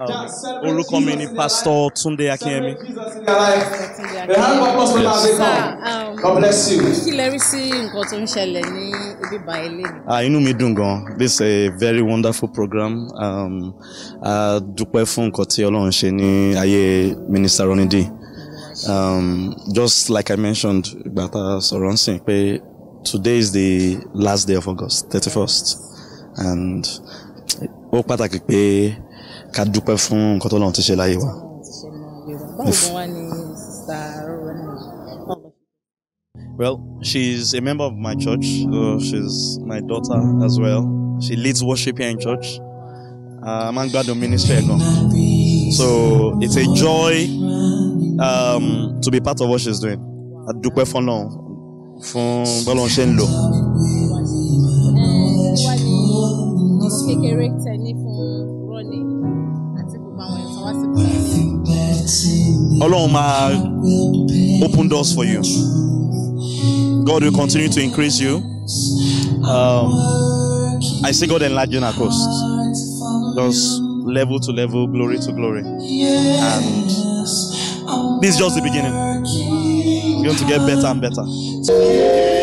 Um, orúkọ mi ni Pastor Túndé Akínyẹmí. Um, kí lẹ rí sí nǹkan tó ń ṣẹlẹ̀ ní ibi báyìí ah, Inú mi dùn gan. This is a very wonderful program. Um, a dúpẹ́ fún nǹkan tí Ọlọ́run ṣe ní ayé Minister Ronny D. Um, just like I mentioned, Gbàtà sọ̀rọ̀ ń today is the last day of August, 31st, and ó pàtàkì pé ká dúpẹ́ fún nǹkan tó lọ́run ti ṣe láyé wa. Well, she's a member of my church. Uh, she's my daughter as well. She leads worship here in church. Uh, I'm glad the ministry again. So it's a joy um, to be part of what she's doing. A dúpẹ́ fún Ọlọ́run fún bọ́lọ́run ṣe ń lò. Wọ́n ní ìsìnkéré tẹ̀lé. Alone, máa open doors for you. God will continue to increase you. Um, I see God enlarging our coast. Just level to level, glory to glory. And this is just the beginning. We're going to get better and better.